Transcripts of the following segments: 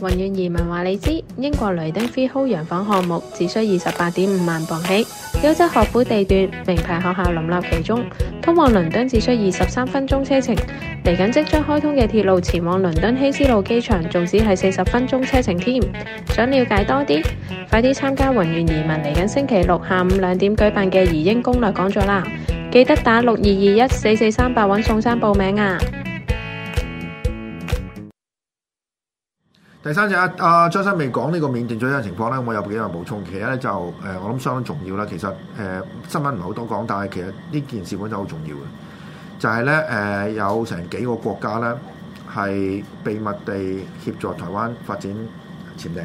雲願移民話你知，英國雷丁飛豪洋房項目只需二十八點五萬鎊起，優質學府地段，名牌學校林立其中，通往倫敦只需二十三分鐘車程，嚟緊即將開通嘅鐵路前往倫敦希斯路機場，仲只係四十分鐘車程添。想了解多啲，快啲參加雲願移民嚟緊星期六下午兩點舉辦嘅移英攻略講座啦！記得打六二二一四四三八搵宋生報名啊！第三隻阿張生未講呢個緬甸最新情況咧，我有幾個補充。其實咧就誒，我諗相當重要啦。其實誒、呃、新聞唔係好多講，但係其實呢件事本身就好重要嘅。就係咧誒，有成幾個國家咧係秘密地協助台灣發展潛艇。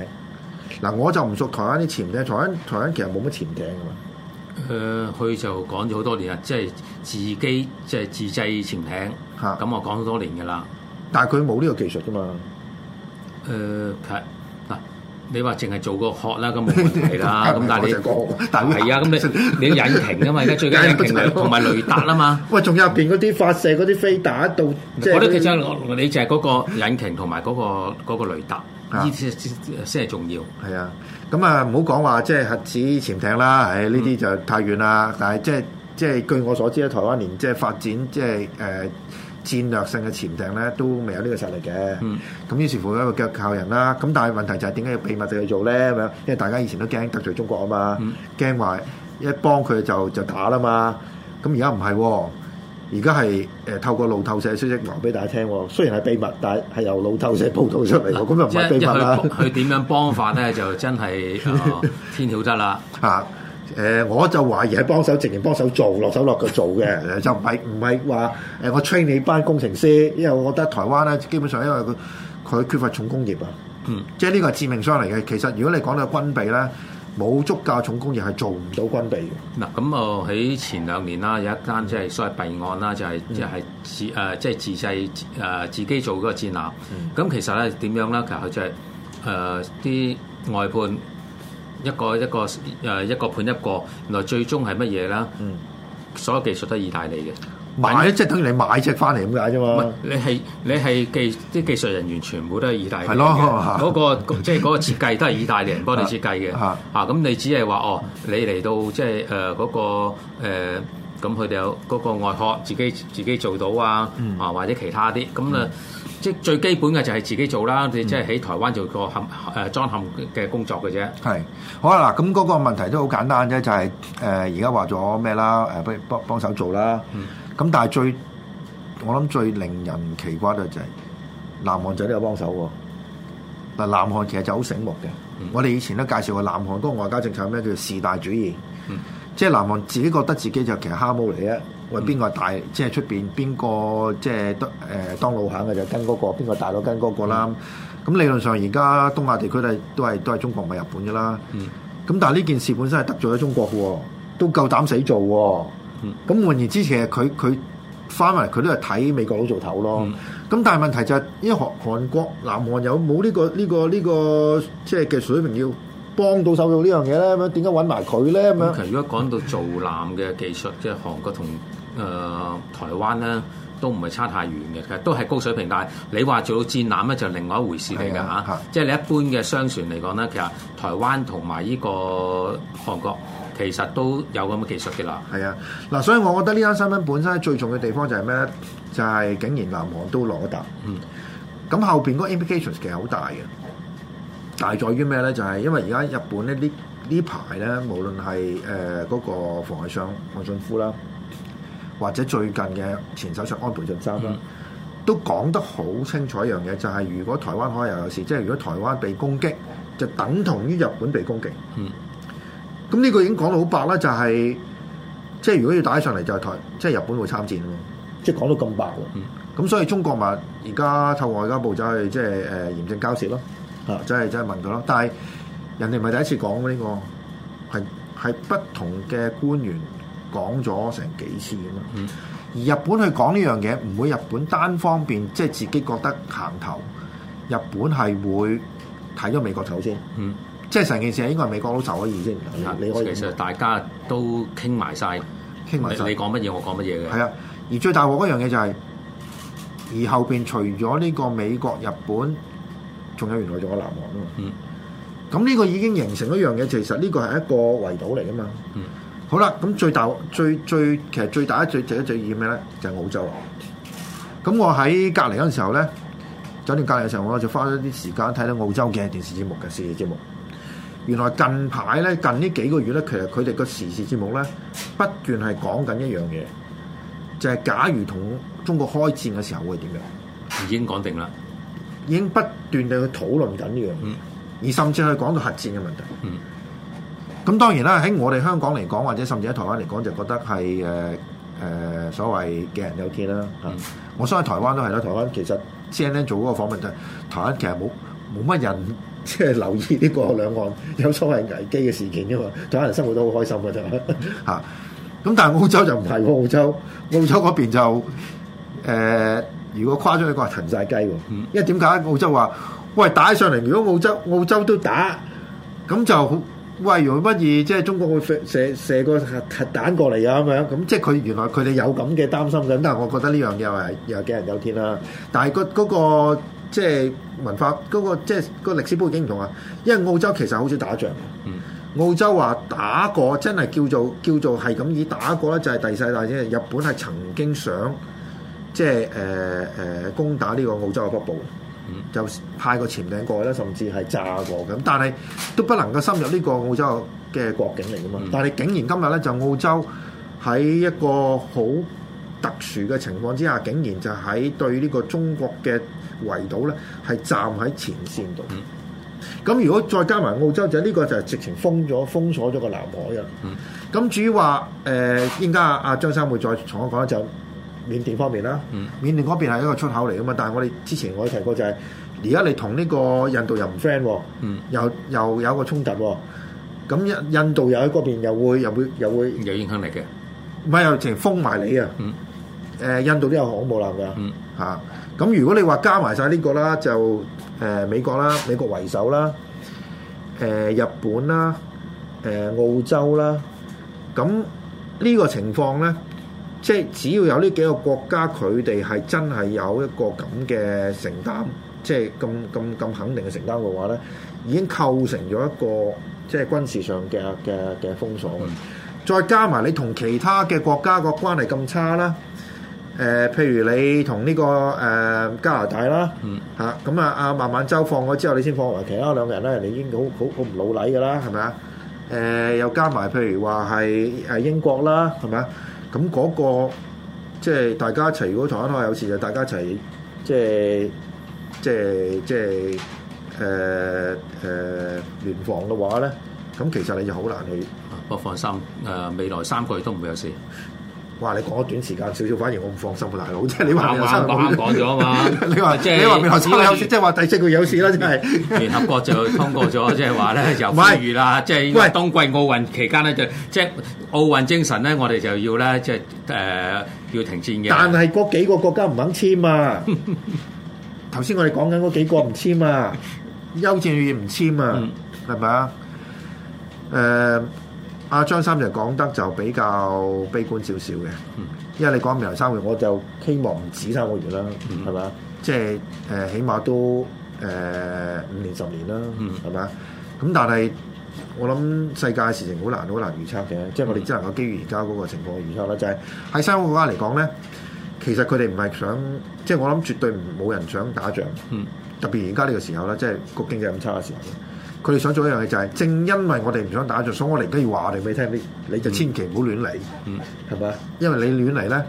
嗱，我就唔熟台灣啲潛艇，台灣台灣其實冇乜潛艇㗎嘛。誒、呃，佢就講咗好多年啦，即、就、係、是、自己即係自製潛艇嚇，咁、啊、我講咗多年㗎啦。但係佢冇呢個技術㗎嘛。誒嗱、呃，你話淨係做個殼啦，咁冇問題啦。咁 但係你， 但係你啊，咁的你你引擎啊嘛，而家 最緊要引擎同埋 雷達啊嘛。喂，仲有入邊嗰啲發射嗰啲飛彈到？嗯、我覺得其實你就係嗰個引擎同埋嗰個雷達，依啲先係重要。係啊，咁啊唔好講話即係核子潛艇啦，係呢啲就太遠啦。但係即係即係據我所知，台灣連即係發展即、就、係、是呃戰略性嘅潛艇咧，都未有呢個實力嘅，咁、嗯、於是乎一個腳靠人啦。咁但係問題就係點解要秘密地去做咧？因為大家以前都驚得罪中國啊嘛，驚話、嗯、一幫佢就就打啦嘛。咁而家唔係，而家係誒透過路透社消息講俾大家聽。雖然係秘密，但係係由路透社報道出嚟嘅。咁又唔係秘密啦。佢點樣幫法咧？ 就真係、呃、天曉得啦。嚇！誒、呃、我就懷疑係幫，幫下手，直情幫手做落手落腳做嘅， 就唔係唔係話誒我 train 你班工程師，因為我覺得台灣咧基本上因為佢佢缺乏重工業啊，嗯，即係呢個係致命傷嚟嘅。其實如果你講到軍備咧，冇足夠重工業係做唔到軍備嘅。嗱，咁啊喺前兩年啦、啊，有一單即係所謂弊案啦、啊，就係即係自誒即係自製誒、呃、自己做嗰個戰艦。咁、嗯、其實咧點樣咧？其實佢就係誒啲外判。一個一個誒一個判一個，原來最終係乜嘢啦？嗯，所有技術都係意大利嘅。買即係等於你買隻返嚟咁解啫嘛。唔係，你係你係技啲技術人員全部都係意大利嘅。係咯的，嗰、嗰個 即係嗰個設計都係意大利人幫你設計嘅。嚇咁、 啊啊啊、你只係話哦，你嚟到即係誒嗰個誒咁佢哋有嗰、嗰個外殼自己自己做到啊，啊、嗯、或者其他啲咁咧。即係最基本嘅就係自己做啦，你即係喺台灣做個嵌誒裝嵌嘅工作嘅啫。係，好啊嗱，咁嗰個問題都好簡單啫，就係誒而家話咗咩啦？誒、呃，不如幫幫手做啦。咁、嗯、但係最我諗最令人奇怪嘅就係南韓仔都有幫手喎。嗱，南韓其實就好醒目嘅。我哋以前都介紹過南韓嗰個外交政策咩？叫做事大主義。嗯、即係南韓自己覺得自己就其實蝦毛嚟啊！喂，邊個、嗯、大？即係出面邊個即係得？誒、就係呃，當路行嘅就跟嗰、嗰個，邊、那個大都跟嗰個啦。咁、嗯、理論上而家東亞地區都係都係中國唔係日本嘅啦。咁、嗯、但係呢件事本身係得罪咗中國喎、哦，都夠膽死做喎、哦。咁、嗯、換言之佢，其實佢佢翻嚟佢都係睇美國佬做頭咯。咁、嗯、但係問題就係，因為韓韓國南韓有冇呢、呢個呢、呢個呢、呢個即係嘅水平要幫到手做呢樣嘢咧？咁樣點解揾埋佢咧？咁樣、嗯。其實如果講到造艦嘅技術， 即係韓國同。誒、呃、台灣咧都唔係差太遠嘅，其實都係高水平。但係你話做到戰艦咧就另外一回事嚟㗎、啊啊、即係你一般嘅商船嚟講咧，其實台灣同埋依個韓國其實都有咁嘅技術嘅啦。係啊，嗱，所以我覺得呢單新聞本身最重嘅地方就係咩咧？就係、是、竟然南韓都攞得。嗯。咁後面嗰個 implications 其實好大嘅，大在於咩咧？就係、是、因為而家日本咧呢呢排咧，無論係嗰、呃嗰個防衞相，岸信夫啦。或者最近嘅前首相安倍晉三啦，嗯、都講得好清楚一樣嘢，就係、是、如果台灣可以又有事，即係如果台灣被攻擊，就等同於日本被攻擊。嗯，咁呢個已經講到好白啦，就係、是、即係如果要打起上嚟，就係、是、台即係日本會參戰咯。即係講到咁白咁、嗯、所以中國咪而家透過外交部走去即係誒嚴正交涉咯，啊，即係即係問佢咯。但係人哋唔係第一次講喎，呢個，係係不同嘅官員。講咗成幾次咁樣，而日本去講呢樣嘢唔會日本單方面，即係自己覺得行頭，日本係會睇咗美國走先，嗯，即係成件事應該係美國佬實可以先。你你以其實大家都傾埋晒，傾埋曬你講乜嘢我講乜嘢嘅，係啊。而最大鑊嗰樣嘢就係、是，而後邊除咗呢個美國、日本，仲有原來仲有南韓啊嘛。咁呢、嗯、個已經形成了一樣嘢，其實呢個係一個圍堵嚟噶嘛。嗯好啦，咁最大最最其實最大最最最意咩咧？就係澳洲啊！咁我喺隔離嗰陣時候咧，酒店隔離嘅時候，我就花咗啲時間睇到澳洲嘅電視節目嘅時事節目。原來近排咧，近呢幾個月咧，其實佢哋個時事節目咧，不斷係講緊一樣嘢，就係、是、假如同中國開戰嘅時候會點樣？已經講定啦，已經不斷地去討論緊呢樣，嗯、而甚至去講到核戰嘅問題。嗯咁當然啦，喺我哋香港嚟講，或者甚至喺台灣嚟講，就覺得係誒誒所謂嘅人有天啦嚇。嗯、我相信台灣都係啦，台灣其實 CNN 做嗰個訪問就係台灣其實冇冇乜人即係留意呢個兩岸有所謂危機嘅事件啫嘛，台灣人生活都好開心嘅啫嚇。咁、嗯、 但係澳洲就唔係喎，澳洲澳洲嗰邊就誒、呃，如果誇張啲講係騰曬雞喎，嗯、因為點解澳洲話喂打起上嚟，如果澳洲澳洲都打咁就好。喂，如果乜嘢即係中國會射射個彈過嚟啊咁樣，咁即係佢原來佢哋有咁嘅擔心嘅，但係我覺得呢樣嘢又係又係見仁有見啦、啊。但係、那、嗰個、那個、即係文化嗰、那個即係、那個歷史背景唔同啊。因為澳洲其實好少打仗，澳洲話打過真係叫做叫做係咁以打過咧，就係、是、第世大戰。日本係曾經想即係誒誒攻打呢個澳洲嘅北部。就派個潛艇過去啦，甚至係炸過咁，但係都不能夠深入呢個澳洲嘅國境嚟噶嘛。嗯、但係竟然今日咧，就澳洲喺一個好特殊嘅情況之下，竟然就喺對呢個中國嘅圍堵咧，係站喺前線度。咁、嗯、如果再加埋澳洲，就呢個就係直情封咗、封鎖咗個南海啊。咁至於話誒，而家阿張生會再重我講一講。緬甸方面啦，緬甸嗰邊係一個出口嚟噶嘛，但係我哋之前我提過就係、是，而家你同呢個印度又唔 friend 喎，又又有一個衝突喎，咁印印度又喺嗰邊又會又會又會有影響力嘅，唔係又成封埋你啊，誒、嗯呃、印度都有航母艦嘅，嚇、嗯，咁、啊、如果你話加埋晒呢個啦，就誒、呃、美國啦，美國為首啦，誒、呃、日本啦，誒、呃、澳洲啦，咁、呃、呢、這個情況咧。即係只要有呢幾個國家，佢哋係真係有一個咁嘅承擔，即係咁咁咁肯定嘅承擔嘅話咧，已經構成咗一個即係軍事上嘅嘅嘅封鎖。嗯、再加埋你同其他嘅國家個關係咁差啦，誒、呃，譬如你同呢、這個誒、呃、加拿大啦嚇，咁、嗯、啊啊孟晚舟放咗之後，你先放埋其他兩個人咧，人哋已經好好好唔老禮㗎啦，係咪啊？誒、呃，又加埋譬如話係誒英國啦，係咪啊？咁嗰、嗰個即係大家一齊，如果台灣話有事就大家一齊，即係即係即係誒誒聯防嘅話咧，咁其實你就好難去。不放心，誒未來三個月都唔會有事。話你講一段時間少少，反而我唔放心大佬。即、就、係、是、你話我啱啱講咗啊嘛，你話即係你話有即係話第七個有事啦，即係為。聯、就是就是嗯、合國就通過咗，即係話咧，喂就番如啦，即係冬季奧運期間咧，就即、就是、奧運精神咧，我哋就要咧，即係誒要停戰嘅。但係嗰幾個國家唔肯簽啊！頭先 我哋講緊嗰幾個唔簽啊，邱正宇唔簽啊，係咪、嗯？誒。呃阿張三就講得就比較悲觀少少嘅，因為你講未來三個月，我就希望唔止三個月啦，係嘛、嗯？即係誒，起碼都誒、呃、五年十年啦，係嘛、嗯？咁但係我諗世界嘅事情好難好難預測嘅，即係、嗯、我哋只能夠基於而家嗰個情況預測啦。就係、是、喺三個國家嚟講咧，其實佢哋唔係想，即、就、係、是、我諗絕對唔冇人想打仗，嗯、特別而家呢個時候咧，即係個經濟咁差嘅時候。佢哋想做一樣嘢就係，正因為我哋唔想打仗，所以我哋而家要話你俾聽，你你就千祈唔好亂嚟、嗯，嗯，係咪？因為你亂嚟咧，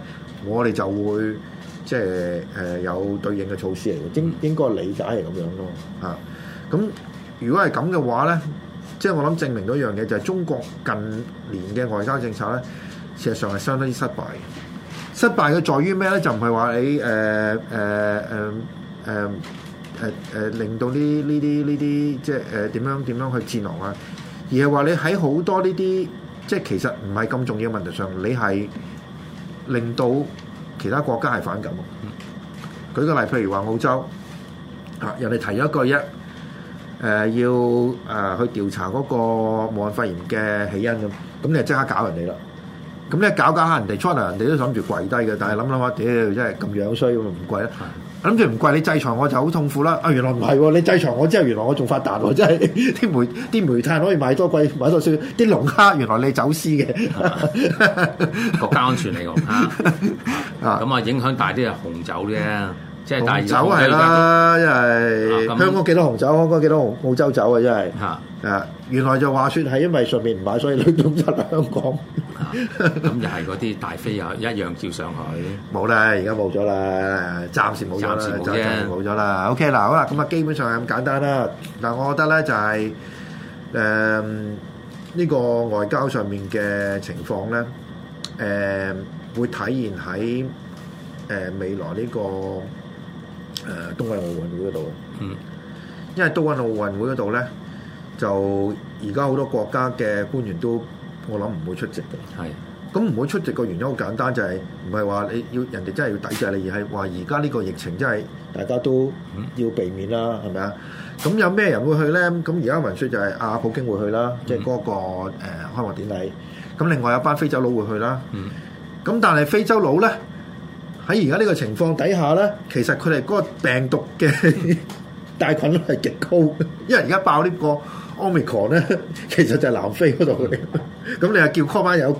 我哋就會即係誒、呃、有對應嘅措施嚟嘅，應應該理解係咁樣咯、啊，嚇、嗯。咁、嗯、如果係咁嘅話咧，即係我諗證明咗一樣嘢就係、是、中國近年嘅外交政策咧，事實上係相當之失敗嘅。失敗嘅在於咩咧？就唔係話你誒誒誒誒。呃呃呃呃誒誒、呃，令到呢呢啲呢啲即係誒點樣點樣去戰狼啊？而係話你喺好多呢啲即係其實唔係咁重要嘅問題上，你係令到其他國家係反感啊！舉個例，譬如話澳洲啊，人哋提咗一句一誒、呃、要誒、呃、去調查嗰個武漢肺炎嘅起因咁，咁你就即刻搞人哋啦！咁你搞搞下人哋 China，人哋都諗住跪低嘅，但係諗諗下，屌、呃、真係咁樣衰，咪唔跪啊！諗住唔貴，你制裁我就好痛苦啦！啊，原來唔係喎，你制裁我之後，原來我仲發達喎，真係啲煤、啲煤炭可以買多貴，買多少？啲龍蝦原來你走私嘅，國家安全嚟㗎嚇！咁啊，影響大啲係紅酒啫，即係大酒係啦，因為香港幾多紅酒，香港幾多澳洲酒啊，真係原來就話說係因為上面唔買，所以你通出嚟香港。咁 又係嗰啲大飛又一樣照上去，冇啦，而家冇咗啦，暫時冇啦，暫時冇咗啦。O K，嗱好啦，咁啊基本上係咁簡單啦。嗱，我覺得咧就係誒呢個外交上面嘅情況咧，誒、呃、會體現喺誒未來呢、這個誒、呃、冬季奧運會嗰度。嗯，因為冬季奧運會嗰度咧，就而家好多國家嘅官員都。我諗唔會出席嘅。係的，咁唔會出席個原因好簡單，就係唔係話你要人哋真係要抵制你，而係話而家呢個疫情真係大家都要避免啦，係咪啊？咁有咩人會去咧？咁而家聞説就係阿、啊、普京會去啦，即係嗰個誒、嗯呃、開幕典禮。咁另外有一班非洲佬會去啦。咁、嗯、但係非洲佬咧，喺而家呢個情況底下咧，其實佢哋嗰個病毒嘅 帶菌率係極高，因為而家爆這個呢個 Omicron 咧，其實就係南非嗰度。 咁你又叫哥班友，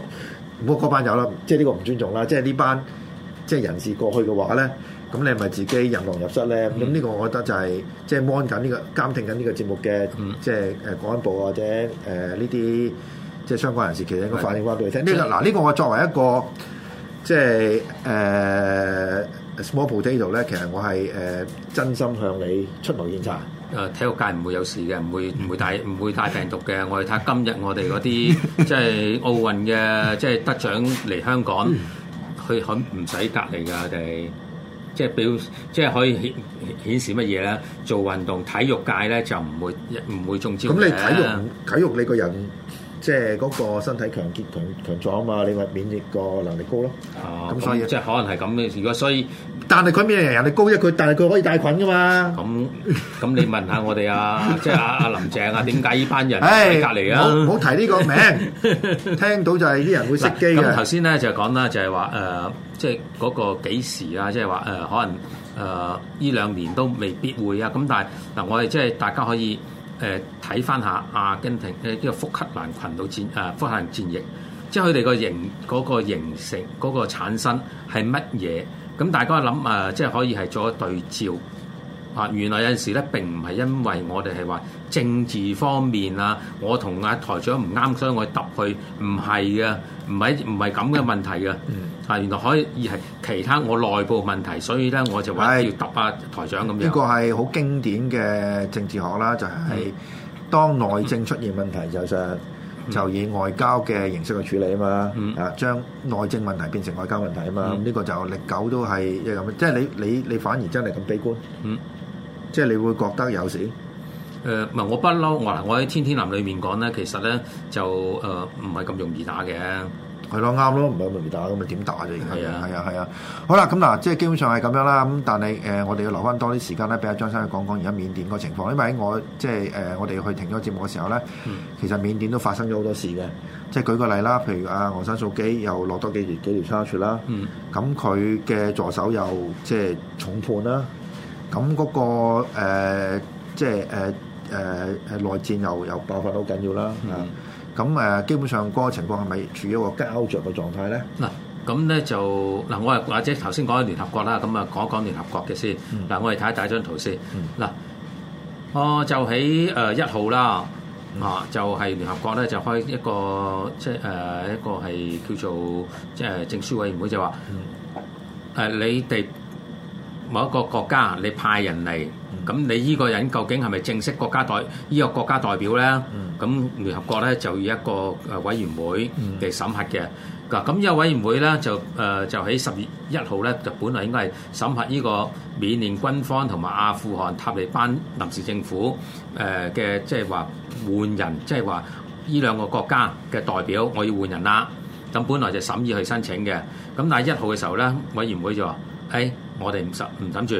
唔好哥班友啦，即係呢個唔尊重啦。即係呢班即係、就是、人士過去嘅話咧，咁你咪自己引狼入室咧。咁呢、嗯、個我覺得就係、是，即係 mon 緊呢個，監聽緊呢個節目嘅即係，誒，國安部或者誒，呢啲即係相關人士，其實應該反映翻俾你聽。呢的、呢個，嗱呢、呢個我作為一個，即係誒 small potato 咧，其實我係，誒、呃，真心向你出謀獻策。誒體育界唔會有事嘅，唔會唔會帶唔會帶病毒嘅。我哋睇下今日我哋嗰啲即係奧運嘅即係得獎嚟香港，佢肯唔使隔離㗎？佢哋即係表即係可以顯顯示乜嘢咧？做運動體育界咧就唔會唔會中招嘅。咁你體育體育你個人即係嗰個身體強健強強壯啊嘛？你咪免疫個能力高咯，咁所以即係可能係咁嘅。如果所以。但係佢咩人？人哋高一佢，但係佢可以帶菌噶嘛？咁咁，你問下我哋啊， 即係阿阿林鄭啊，點解呢班人喺隔離啊？好、哎、唔好提呢個名， 聽到就係啲人會熄機。咁頭先咧就講啦，就係話誒，即係嗰個幾時啊？即係話誒，可能誒依、呃、兩年都未必會啊。咁但係嗱、呃，我哋即係大家可以誒睇翻下阿根廷誒呢、呢個福克蘭群島戰誒、呃、福克蘭戰役，即係佢哋個形嗰、嗰個形成嗰、嗰個產生係乜嘢？咁大家諗啊，即係可以係做一對照啊。原來有陣時咧並唔係因為我哋係話政治方面啊，我同阿、啊、台長唔啱，所以我揼佢，唔係嘅，唔係唔係咁嘅問題嘅。啊，原來可以係其他我內部問題，所以咧我就話要揼啊台長咁樣是。呢個係好經典嘅政治學啦，就係、是、當內政出現問題，就實、是。就以外交嘅形式去處理啊嘛，嗯、啊將內政問題變成外交問題啊嘛，咁呢、嗯、個就歷久都係咁，即係你你你反而真係咁悲觀？嗯，即係你會覺得有時，誒唔係我不嬲，我嗱我喺《天天林》裏面講咧，其實咧就誒唔係咁容易打嘅。係咯，啱咯，唔係咪咪打咁咪點打啫？係啊是的，係啊，係啊。好啦，咁嗱，即係基本上係咁樣啦。咁但係誒、呃，我哋要留翻多啲時間咧，俾阿張生去講講而家緬甸個情況，因為喺我即係誒，我哋去停咗節目嘅時候咧，嗯、其實緬甸都發生咗好多事嘅。即係、嗯、舉個例啦，譬如阿昂山素姬又落多幾條幾條 charge 啦，咁佢嘅助手又即係重判啦，咁嗰、嗯那個、呃、即係誒誒誒內戰又又爆發好緊要啦。嗯啊。咁基本上嗰個情況係咪處於一個膠著嘅狀態咧？嗱，咁咧就嗱，我誒或者頭先講緊聯合國啦，咁啊講一講聯合國嘅先。嗱，嗯、我哋睇下第一張圖先。嗱，我就喺誒一號啦，就係、嗯、聯合國咧，就開一個即係誒一個係叫做即係證書委員會，就話、嗯、你哋。某一個國家，你派人嚟，咁你依個人究竟係咪正式國家代依個國家代表咧？咁聯合國咧就要一個誒委員會嚟審核嘅。嗱，咁依個委員會咧就誒就喺十月一號咧就本來應該係審核依個緬甸軍方同埋阿富汗塔利班臨時政府誒嘅，即係話換人，即係話依兩個國家嘅代表我要換人啦。咁本來就審議去申請嘅。咁但係一號嘅時候咧，委員會就話，誒。我哋唔實唔等住，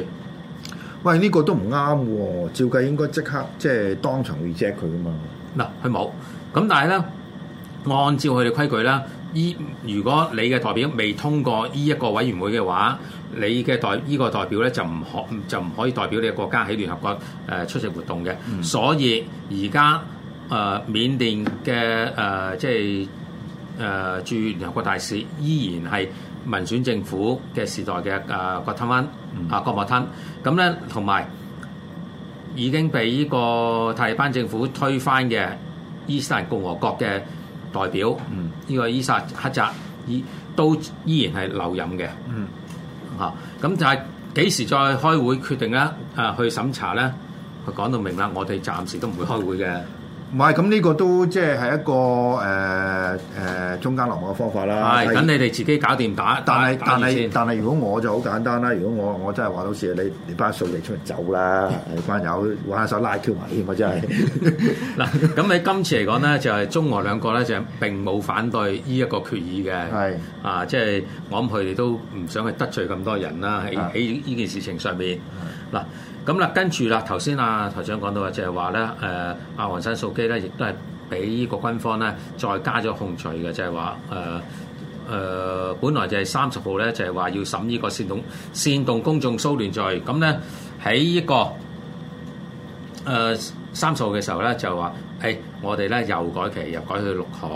喂呢、這個都唔啱喎，照計應該刻即刻即係當場 reject 佢㗎嘛。嗱，佢冇，咁但係咧，按照佢哋規矩啦，依如果你嘅代表未通過呢一個委員會嘅話，你嘅代依、這個代表咧就唔可就唔可以代表你嘅國家喺聯合國誒、呃、出席活動嘅，嗯、所以而家誒緬甸嘅誒、呃、即係誒駐聯合國大使依然係。民選政府嘅時代嘅，誒葛湯恩啊葛莫吞咁咧，同埋、嗯啊、已經被呢個泰班政府推翻嘅伊斯蘭共和國嘅代表，呢、嗯、個伊斯克扎澤依都依然係留任嘅嚇。咁、嗯、就係幾時再開會決定咧？啊，去審查咧？佢講到明啦，我哋暫時都唔會開會嘅。唔係，咁呢個都即係係一個中間攬嘅方法啦。係，等你哋自己搞掂打。但係但係但係，如果我就好簡單啦。如果我我真係話到時，你你班數嚟出嚟走啦。你班友玩下手拉 Q 埋添我真係嗱。咁喺今次嚟講咧，就係中俄兩個咧，就並冇反對呢一個決議嘅。係啊，即係我諗佢哋都唔想去得罪咁多人啦。喺喺呢件事情上面嗱。咁啦，跟住啦，頭先啊台長講到啊，就係話咧，誒昂山素姬咧，亦都係俾呢個軍方咧再加咗控罪嘅，就係話誒誒，本來就係三十號咧，就係、是、話要審呢個煽動煽動公眾騷亂罪。咁咧喺呢、這個誒三十、呃、號嘅時候咧，就話誒、哎、我哋咧又改期，又改去六號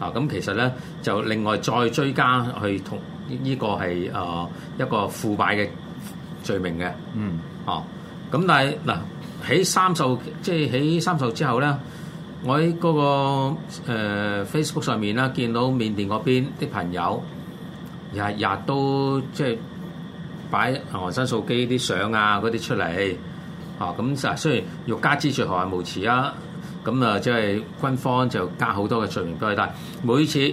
啊。咁、哦嗯、其實咧就另外再追加去同呢、這個係誒、呃、一個腐敗嘅罪名嘅，嗯。哦，咁但係嗱，喺三售即係喺三售之後咧，我喺嗰、那個、呃、Facebook 上面啦，見到緬甸嗰邊啲朋友日日都即係、就是、擺昂山素姬啲相啊嗰啲出嚟，啊咁就係雖然欲加之罪何患無辭啊，咁啊即係軍方就加好多嘅罪名俾佢，但每一次。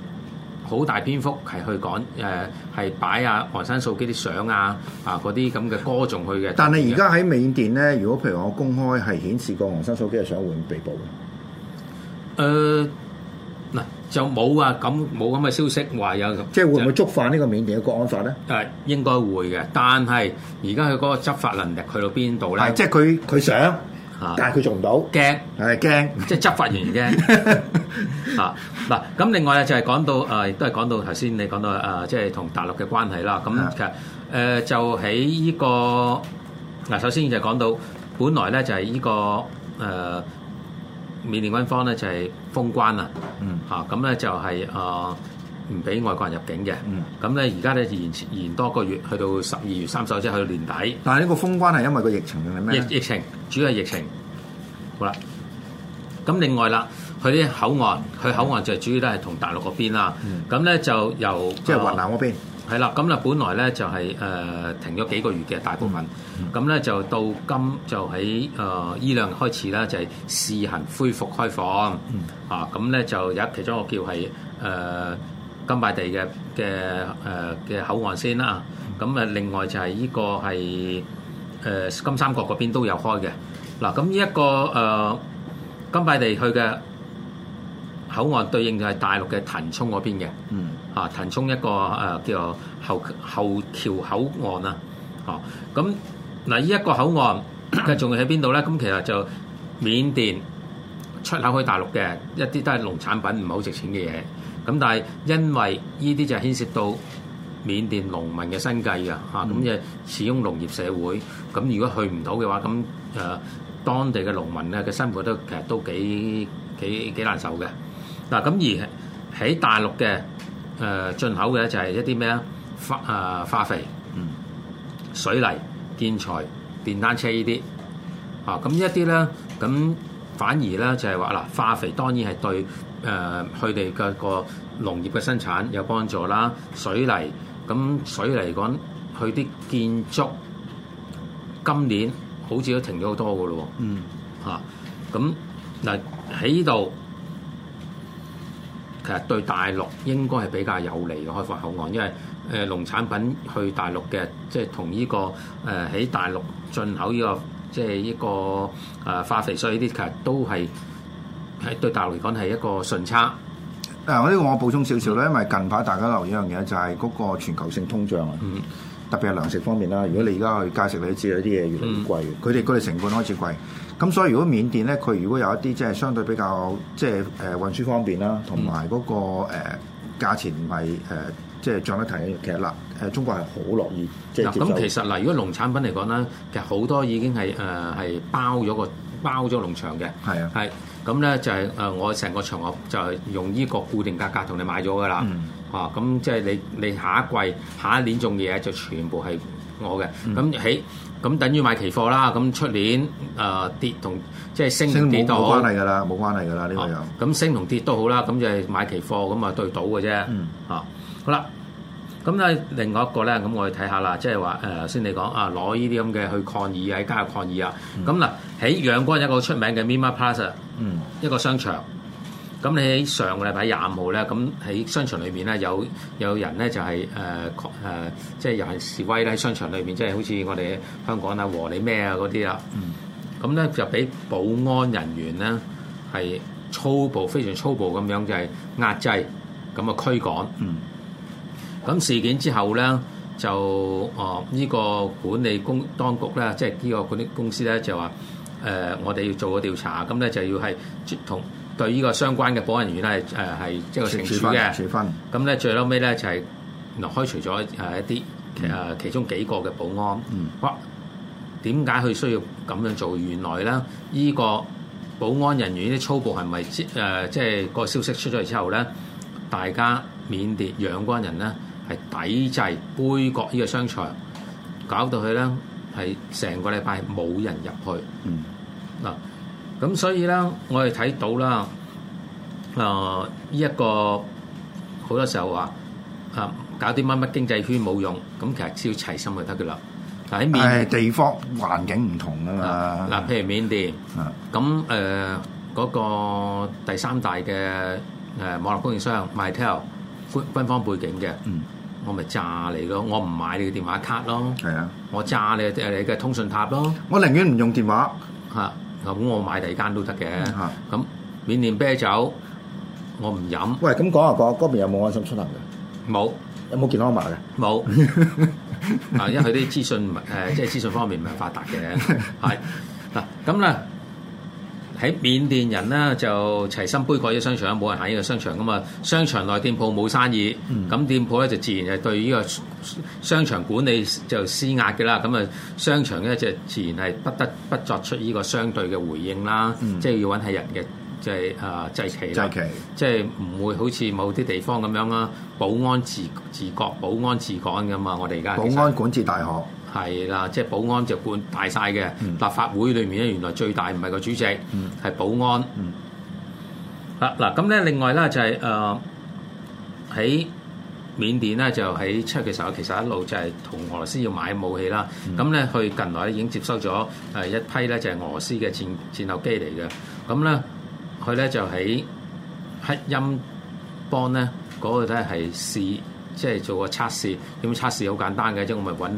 好大篇幅係去講誒，係擺阿昂山素姬啲相啊，啊嗰啲咁嘅歌仲去嘅。但係而家喺緬甸咧，如果譬如我公開係顯示過昂山素姬嘅相會被捕？誒嗱、呃，就冇啊，咁冇咁嘅消息話有，即係會唔會觸犯呢個緬甸嘅國安法咧？誒、呃、應該會嘅，但係而家佢嗰個執法能力去到邊度咧？即係佢佢想。但係佢做唔到，驚係驚，即係執法員驚啊！嗱，咁另外咧就係講到誒，亦都係講到頭先你講到誒，即係同大陸嘅關係啦。咁其實誒就喺呢個嗱，首先就講到，本來咧就係呢個誒，緬甸軍方咧就係封關啦，嗯啊，咁咧就係誒。唔俾外國人入境嘅，咁咧而家咧延延多個月，去到十二月三十，即係去到年底。但係呢個封關係因為個疫情定係咩？疫疫情主要係疫情。好啦，咁另外啦，佢啲口岸，佢口岸就主要都係同大陸嗰邊啦。咁咧、嗯、就由即係雲南嗰邊。係啦，咁啦，本來咧就係、是呃、停咗幾個月嘅大部分，咁咧、嗯、就到今就喺呢依兩日開始啦，就係、是、試行恢復開放。嗯、啊，咁咧就有一其中一個叫係金幣地嘅嘅誒嘅口岸先啦，咁、啊、誒另外就係呢個係誒、呃、金三角嗰邊都有開嘅，嗱咁呢一個誒、呃、金幣地去嘅口岸對應就係大陸嘅騰沖嗰邊嘅，嗯、啊騰沖一個誒、啊、叫做後後橋口岸啊，哦咁嗱呢一個口岸佢仲要喺邊度咧？咁其實就緬甸出口去大陸嘅一啲都係農產品，唔係好值錢嘅嘢。咁但係因為依啲就係牽涉到緬甸農民嘅生計噶嚇，咁誒始終農業社會，咁如果去唔到嘅話，咁誒當地嘅農民咧嘅生活都其實都幾幾幾難受嘅。嗱咁而喺大陸嘅誒進口嘅就係一啲咩啊化誒化肥、嗯水泥、建材、電單車依啲啊，咁依一啲咧，咁反而咧就係話嗱化肥當然係對，誒佢哋嘅個農業嘅生產有幫助啦，水泥，咁水泥講佢啲建築，今年好似都停咗好多嘅咯喎。嗯，吓、啊，咁嗱喺依度，其實對大陸應該係比較有利嘅開放口岸，因為誒農產品去大陸嘅，即係同呢個誒喺大陸進口呢個即係呢個誒化肥，所以呢啲其實都係。係對大陸嚟講係一個順差。誒、啊，我呢個我補充少少啦，嗯、因為近排大家留意一樣嘢就係嗰個全球性通脹啊，嗯、特別係糧食方面啦。如果你而家去價值你知有啲嘢越嚟越貴，佢哋佢哋成本開始貴。咁所以如果緬甸咧，佢如果有一啲即係相對比較即係誒運輸方便啦，同埋嗰個誒、呃、價錢唔係誒即係漲得太劇啦。誒，中國係好樂意即係接受咁、就是啊、其實嚟如果農產品嚟講咧，其實好多已經係誒係包咗個包咗農場嘅，係啊的，係。咁咧就係、誒、我成個場合，就係用依個固定價格同你買咗噶啦，咁即係你你下一季、下一年種嘢就全部係我嘅。咁起咁等於買期貨啦。咁出年誒、呃、跌同即係升跌都冇關係㗎啦，冇關係㗎啦呢個又。咁升同跌都好啦，咁、啊、就係買期貨咁、嗯、啊對到㗎啫。好啦。咁咧，另外一個咧，咁我哋睇下啦，即係話誒，頭先你講啊，攞呢啲咁嘅去抗議啊，喺加入抗議啊。咁嗱、嗯，喺陽光有一個出名嘅 Mema Plaza，一個商場。咁你喺上個禮拜廿五號咧，咁喺商場裏面咧有有人咧就係誒抗即係又係示威啦，喺商場裏面，即係好似我哋香港啊和你咩啊嗰啲啦。咁咧、嗯、就俾保安人員咧係粗暴、非常粗暴咁樣就係壓制，咁啊驅趕。嗯咁事件之後咧，就哦呢個管理公當局咧，即係呢個管理公司咧，就話、呃、我哋要做個調查，咁咧就要係同對呢個相關嘅保安人員咧，係即係懲處嘅。懲處分。咁咧最後尾咧就係、是、原來開除咗一啲其、呃、其中幾個嘅保安。嗯。哇！點解佢需要咁樣做？原來咧，呢個保安人員啲粗暴係咪即係個消息出咗嚟之後咧，大家緬甸仰關人咧。係抵制杯葛呢個商場，搞到佢咧係成個禮拜冇人入去。嗱，咁所以咧，我哋睇到啦，誒，呢一個好多時候話吓搞啲乜乜經濟圈冇用，咁其實只要齊心就得嘅啦。但係喺地方環境唔同啊嘛。嗱，譬如緬甸，咁誒嗰個第三大嘅誒網絡供應商 Mytel，軍方背景嘅。我咪炸你咯！我唔買你嘅電話卡咯，係啊！我炸你即係你嘅通訊塔咯！我寧願唔用電話吓，咁我買第二間都得嘅吓。咁緬甸啤酒我唔飲。喂，咁講下講下，嗰邊有冇安心出行嘅？冇，有冇健康碼嘅？冇。啊，因為佢啲資訊唔誒，即係資訊方面唔係發達嘅，係嗱咁啦。喺緬甸人咧就齊心杯葛呢個商場，冇人喺呢個商場㗎嘛。商場內店鋪冇生意，咁、嗯、店鋪咧就自然係對呢個商場管理就施壓嘅啦。咁啊，商場咧就自然係不得不作出呢個相對嘅回應啦。嗯、即係要搵係人嘅，即係啊，祭旗啦。祭旗即係唔會好似某啲地方咁樣啦，保安治、治國、保安治港㗎嘛。我哋而家保安管治大學。係啦，即係保安就半大晒嘅。立、嗯、法會裏面咧，原來最大唔係個主席，係、嗯、保安。嗱嗱、嗯，咁咧、啊、另外咧就係誒喺緬甸咧，就喺出嘅時候，其實一路就係同俄羅斯要買武器啦。咁咧、嗯，佢近來已經接收咗誒一批咧，就係、是、俄羅斯嘅戰戰鬥機嚟嘅。咁咧，佢咧就喺克欽邦咧嗰、那個咧係試。即係做個測試，咁樣測試？好簡單嘅啫，我咪揾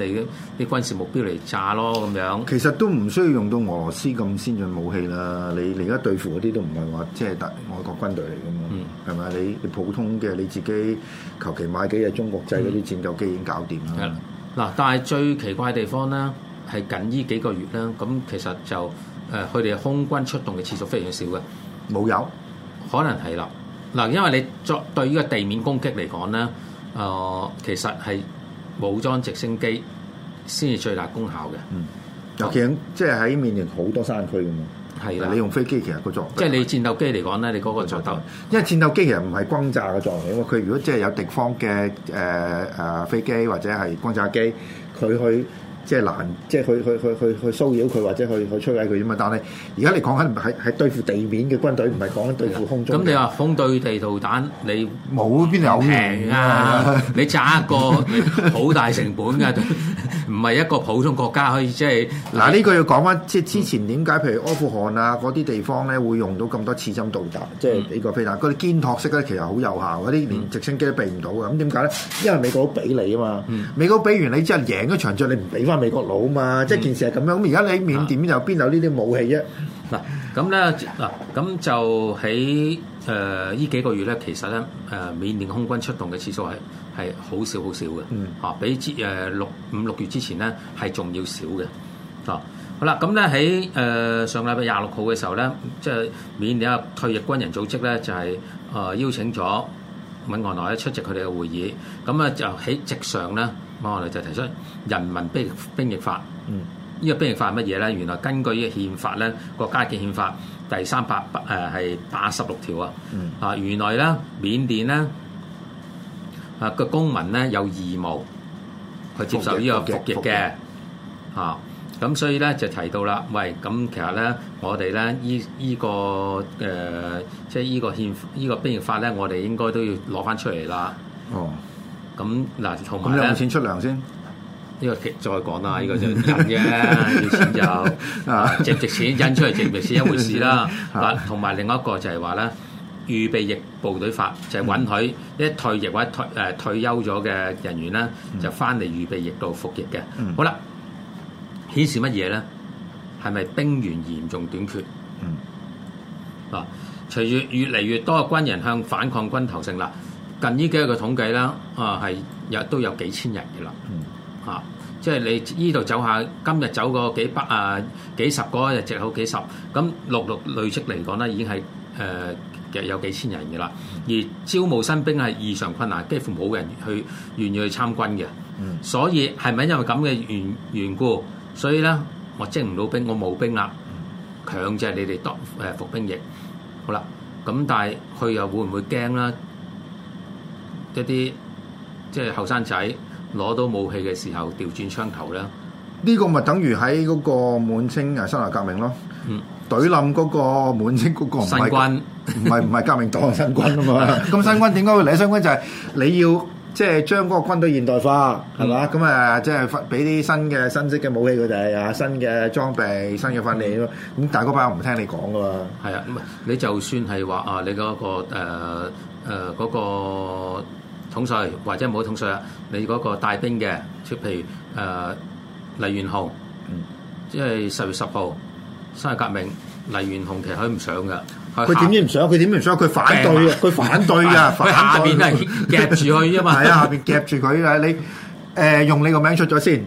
你啲軍事目標嚟炸咯，咁樣。其實都唔需要用到俄羅斯咁先進武器啦。你而家對付嗰啲都唔係話即係突外國軍隊嚟㗎嘛，係咪啊？你普通嘅你自己求其買幾隻中國製嗰啲戰鬥機、嗯、已經搞掂啦。嗱，但係最奇怪嘅地方咧係近呢幾個月咧，咁其實就誒佢哋空軍出動嘅次數非常少嘅，冇有可能係啦。嗱，因為你作對呢個地面攻擊嚟講咧。哦、呃，其實係武裝直升機先至最大功效嘅，嗯，尤其係即係喺面前好多山區咁啊，係啊的，你用飛機其實嗰個作用，即係你戰鬥機嚟講咧，你嗰個著得，因為戰鬥機其實唔係轟炸嘅作用，因為佢如果即係有敵方嘅誒誒飛機或者係轟炸機，佢去。即係難，即係去去去去去騷擾佢或者去去摧毀佢啫嘛。但係而家你講緊係係對付地面嘅軍隊，唔係講緊對付空中嘅。咁、嗯、你話空對地導彈，你冇邊有平啊？ 你炸一個好大成本㗎，唔係 一個普通國家可以即係。嗱、就、呢、是啊呢個要講翻，即係之前點解譬如阿富汗啊嗰啲地方咧會用到咁多刺針導彈，嗯、即係呢個飛彈。嗰啲肩托式咧其實好有效，嗰啲連直升機都避唔到嘅。咁點解咧？因為美國俾你啊嘛。嗯、美國俾完你之後贏咗場仗，你唔俾翻。美國佬嘛，即係件事係咁樣。咁而家你喺緬甸有邊有呢啲武器啫？嗱、嗯，咁咧嗱，咁就喺誒呢幾個月咧，其實咧誒緬甸空軍出動嘅次數係係好少好少嘅，嚇、嗯啊，比誒六五六月之前咧係仲要少嘅。啊，好啦，咁咧喺誒上個禮拜廿六號嘅時候咧，即係緬甸啊退役軍人組織咧就係、是、誒、呃、邀請咗敏昂萊咧出席佢哋嘅會議，咁啊就喺席上咧。我哋就提出人民兵兵役法，嗯，依個兵役法係乜嘢咧？原來根據依個憲法咧，國、這個、家嘅憲法第三百誒係八十六條啊，啊、嗯、原來咧，緬甸咧啊個公民咧有義務去接受呢個服役嘅，嚇，咁、啊、所以咧就提到啦，喂，咁其實咧我哋咧依依個誒、呃，即係依個憲依、這個兵役法咧，我哋應該都要攞翻出嚟啦，哦。咁嗱，同埋咧，有，呢有錢出糧先，呢個再講啦。呢、這個就引嘅。 要錢就 值唔值錢引出去值唔值錢 一回事啦。同埋 另外一個就係話咧，預備役部隊法就係、是、允許一退役或者退誒、呃、退休咗嘅人員咧，就翻嚟預備役度服役嘅。 好啦，顯示乜嘢咧？係咪兵員嚴重短缺？嗯啊，隨住越嚟越多嘅軍人向反抗軍投誠啦。近呢幾個統計啦，啊，係有都有幾千人嘅啦，嚇、嗯啊！即係你呢度走下，今日走個幾百啊，幾十個日藉好幾十，咁陸陸累積嚟講咧，已經係誒、呃、有幾千人嘅啦。而招募新兵係異常困難，幾乎冇人去願意去參軍嘅。嗯、所以係咪因為咁嘅緣緣故？所以咧，我徵唔到兵，我冇兵啦，強制你哋當誒服兵役。好啦，咁但係佢又會唔會驚啦？一啲即係後生仔攞到武器嘅時候，調轉槍頭啦。呢個咪等於喺嗰個滿清啊，辛亥革命咯，隊冧嗰個滿清嗰個唔係新軍關，唔係唔係革命黨 新軍啊嘛？咁 新軍點解會嚟？新軍就係你要即係將嗰個軍隊現代化，係嘛、嗯？咁啊，即係分俾啲新嘅新式嘅武器佢哋啊，新嘅裝備、新嘅訓練咯。咁、嗯、但係嗰班我唔聽你講噶喎。係啊，你就算係話啊，你嗰個誒誒嗰個。呃呃那個統帥或者冇統帥啦，你嗰個帶兵嘅，即係譬如誒黎元洪，即係十月十號，辛亥革命，黎元洪其實佢唔想噶。佢點知唔想？佢點唔想？佢反對啊！佢反對啊！佢下面係夾住佢啊嘛，係啊，下面夾住佢啊你。誒用你個名出咗先，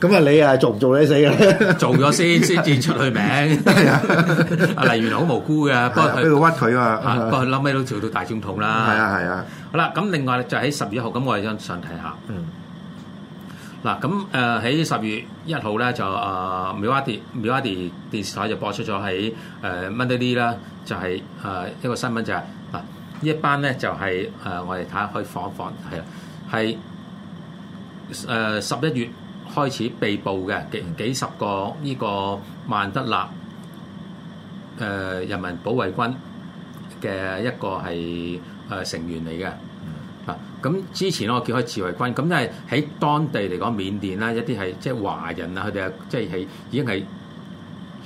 咁啊你啊做唔做你死啊？做咗先，先至出佢名。阿黎原來好無辜噶，不過喺度屈佢啊，不過後尾都做到大總統啦。係啊係啊，好啦，咁另外就喺十月一號，咁我哋想睇下。嗯。嗱，咁誒喺十月一號咧就啊，Mwadi Mwadi 電視台就播出咗喺誒 Monday 啦，就係誒一個新聞就係嗱，一班咧就係誒我哋睇可以放一放係啊，係。誒十一月開始被捕嘅幾幾十個呢個曼德勒誒人民保衛軍嘅一個係誒成員嚟嘅啊。咁之前我叫開自衛軍咁，因為喺當地嚟講，緬甸啦一啲係即係華人啊，佢哋係即係已經係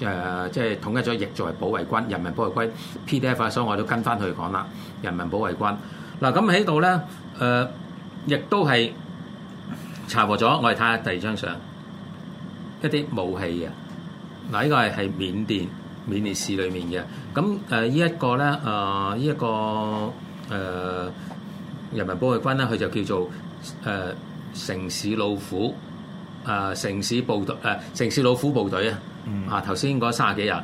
誒即係統一咗，亦作為保衛軍人民保衛軍 P D F，所以我都跟翻佢講啦，人民保衛軍嗱。咁喺度咧誒，亦都係。查獲咗，我哋睇下第二張相，一啲武器嘅。嗱，呢個係係緬甸、緬甸市裏面嘅。咁誒，依、呃、一、呢個咧，誒呢一個誒人民保衞軍咧，佢就叫做誒、呃、城市老虎，誒、呃、城市部隊，誒、呃、城市老虎部隊、嗯、啊。啊，頭先嗰三十幾人，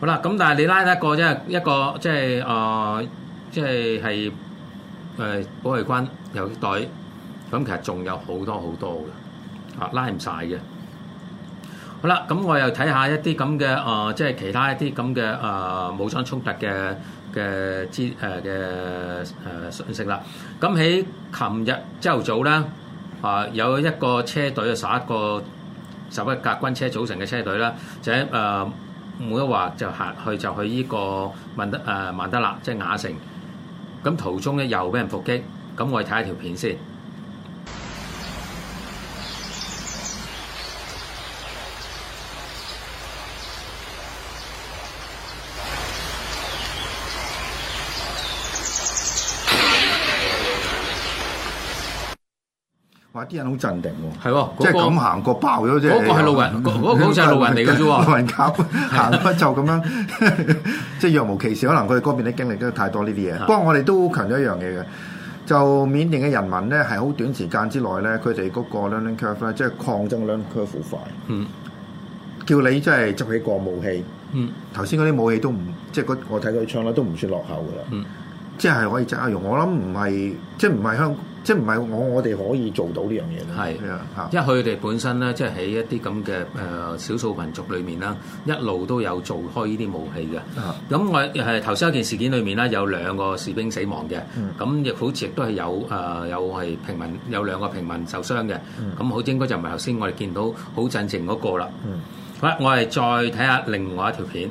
好啦，咁但係你拉得一個啫，一個即係誒，即係係誒保衞軍有隊。咁其實仲有很多很多的拉不的好多好多嘅，啊拉唔晒嘅。好啦，咁我又睇下一啲咁嘅啊，即係其他一啲咁嘅啊武裝衝突嘅嘅知誒嘅誒信息啦。咁喺琴日朝頭早咧啊、呃，有一個車隊啊，十一個十一架軍車組成嘅車隊啦、就是呃，就喺誒冇得話就行去就去呢個文德誒曼德勒、呃、曼德勒即係雅城。咁途中咧又俾人伏擊，咁我哋睇下條片先。啲人好鎮定喎，是的那個、即係咁行過爆咗啫、就是。嗰個係路人，嗰嗰就係路人嚟嘅啫。 路人行不就咁樣， 這樣 即係若無其事。可能佢哋嗰邊啲經歷都太多呢啲嘢。不過的我哋都強咗一樣嘢嘅，就緬甸嘅人民咧係好短時間之內咧，佢哋嗰個 learning curve 即係抗爭 learning curve 快。嗯，叫你即係執起個武器。嗯，頭先嗰啲武器都唔即係我睇佢槍都唔算落後嘅啦、嗯。即係可以阿容，我諗唔係即係唔係香。即係唔係我我哋可以做到是是呢、就是、樣嘢咧？係、呃、啊，因為佢哋本身咧，即係喺一啲咁嘅誒少數民族裏面啦，一路都有做開呢啲武器嘅。咁的我係頭先一件事件裏面咧，有兩個士兵死亡嘅，咁亦的好似亦都係有誒、呃、有平民有兩個平民受傷嘅。咁的好似應該就唔係頭先我哋見到正正的好鎮靜嗰個啦。好，我哋再睇下另外一條片。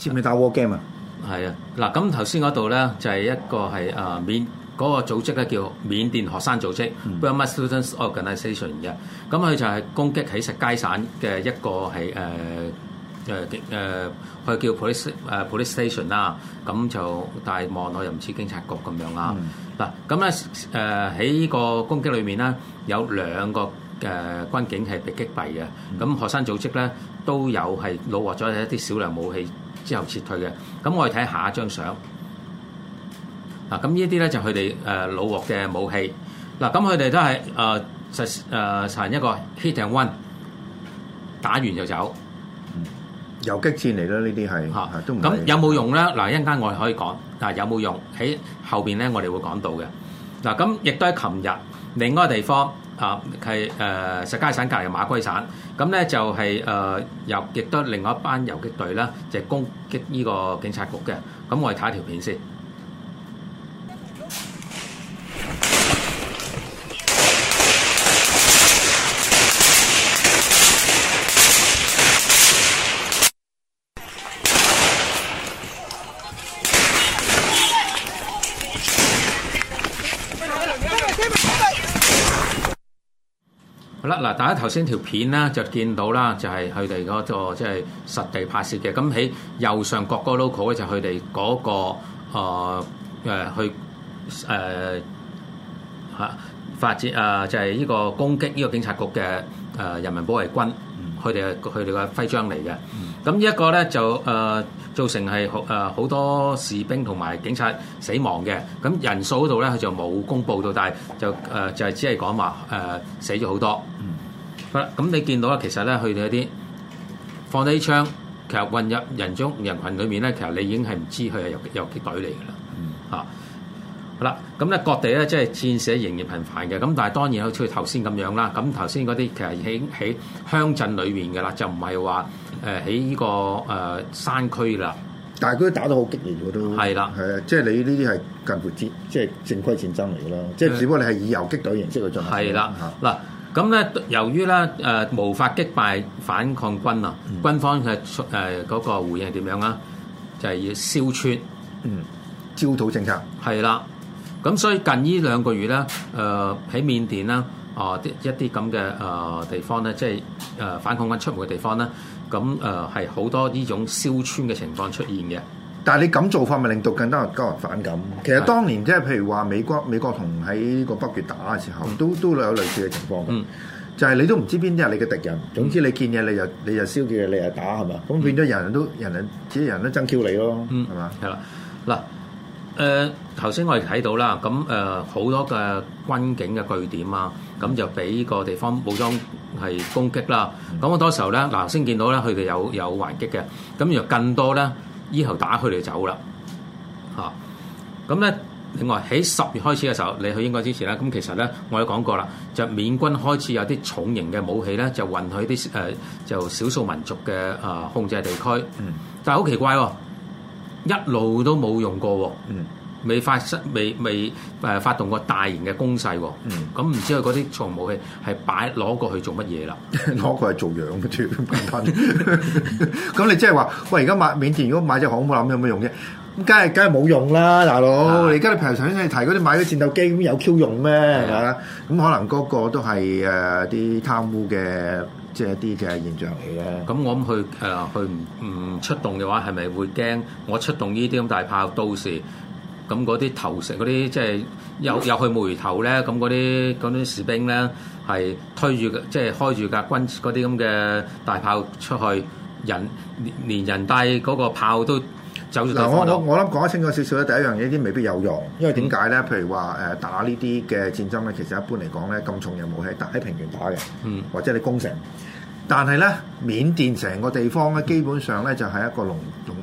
接唔接打 war game 是啊？係啊，嗱咁頭先嗰度咧就係、是、一個係誒緬嗰、那個組織咧叫緬甸學生組織、嗯、，Burmese Students Organisation 嘅。咁佢就係攻擊喺實皆省嘅一個係誒誒誒，佢、呃呃呃、叫 police 誒、呃、police station 啦、啊。咁就但係望落又唔似警察局咁樣啊。嗱咁咧誒喺呢個攻擊裏面咧有兩個誒、呃、軍警係被擊斃嘅。咁、嗯、學生組織咧都有係攞獲咗一啲少量武器。之後撤退嘅，咁我哋睇下一張相。嗱，咁呢啲咧就佢哋誒老鑊嘅武器。嗱，咁佢哋都係誒實誒實行、呃、一個 hit and run，打完就走。嗯、游擊戰嚟啦，呢啲係嚇，都唔。咁有冇用咧？嗱，一陣間我哋可以講，但係有冇用喺後邊咧？我哋會講到嘅。嗱，咁亦都喺琴日另一個地方啊，係誒實皆省隔籬嘅馬圭省。咁咧就係、是、誒，呃、有極多另外一班遊擊隊啦，就係攻擊呢個警察局嘅。咁我哋睇下條片先。大家頭先條片咧就見到啦、那個，就係佢哋嗰個即係實地拍攝嘅。咁喺右上角嗰、那個 logo 咧、呃呃呃，就佢哋嗰個誒去誒嚇發展啊，就係呢個攻擊呢個警察局嘅誒人民保衞軍，佢哋佢哋嘅徽章嚟嘅。咁呢一個咧就誒、呃、造成係誒好多士兵同埋警察死亡嘅。咁人數嗰度咧佢就冇公布到，但係就誒、呃、就係只係講話誒死咗好多。嗯。好啦，咁你見到啦，其實咧佢哋一啲放低槍，其實混入人中人群裏面咧，其實你已經係唔知佢係遊遊擊隊嚟㗎啦。嗯。好啦、啊，咁咧各地咧即係戰事仍然頻繁嘅，咁但係當然好似佢頭先咁樣啦。咁頭先嗰啲其實已經喺鄉鎮裏面嘅啦，就唔係話誒喺呢個誒山區啦。但係佢打得好激烈喎都。係啦的。係啊，即、就、係、是、你呢啲係近乎即係、就是、正規戰爭嚟㗎啦。即係的的只不過你係以游擊隊形式去進行。係啦的。嗱的。咁咧，由於咧誒無法擊敗反抗軍啊，嗯、軍方嘅誒嗰個回應係點樣啊？就係、是、要燒村，嗯，焦土政策係啦。咁所以近呢兩個月咧，誒、呃、喺緬甸啦，啊、呃、一一啲咁嘅誒地方咧，即係誒反抗軍出沒嘅地方咧，咁誒係好多呢種燒村嘅情況出現嘅。但係你咁做法咪令到更多交人反感？其實當年即係譬如話美國，美國同喺呢個北越打嘅時候，都，都有類似嘅情況。嗯、就係你都唔知邊啲係你嘅敵人。總之你見嘢你就，你又燒，見嘢你就打係嘛？咁變咗人人都，人啲人都爭 Q 你咯，係嘛？係啦、嗯。嗱，誒頭先我哋睇到啦，咁誒好多嘅軍警嘅據點啊，咁就俾個地方武裝係攻擊啦。咁、嗯、好、嗯、多時候咧，嗱先見到咧，佢哋有，有還擊嘅，咁、嗯、若更多咧。以後打佢哋走啦，吓！咁咧，另外喺十月開始嘅時候，你去英國之前咧，咁其實咧，我有講過啦，就緬軍開始有啲重型嘅武器咧，就運去啲誒、呃，就少數民族嘅啊控制地區，嗯、但係好奇怪喎、哦，一路都冇用過喎、哦。嗯未發生未未誒發動過大型嘅攻勢喎，咁唔知佢嗰啲重武器係擺攞過去做乜嘢啦？攞過去做樣嘅咁簡單。咁你即係話，喂而家買緬甸如果買隻航母，諗有咩用啫？咁梗係梗係冇用啦，大佬！你而家你平時頭先你提嗰啲買啲戰鬥機，咁有 Q 用咩？嚇咁可能嗰個都係誒啲貪污嘅，即係一啲嘅現象嚟嘅。咁我諗佢誒佢唔出動嘅話，係咪會驚我出動呢啲咁大炮到時？咁嗰啲投石嗰啲即係又去冒頭咧，咁嗰啲嗰啲士兵咧係推住即係開住架軍嗰啲咁嘅大炮出去，人連人帶嗰個炮都走咗。我我我諗講得清楚少少咧，第一樣嘢啲未必有用，因為點解咧？嗯、譬如話打呢啲嘅戰爭咧，其實一般嚟講咧，咁重嘅武器喺平原打嘅，嗯，或者你攻城，但係咧，緬甸成個地方咧，基本上咧就係一個農農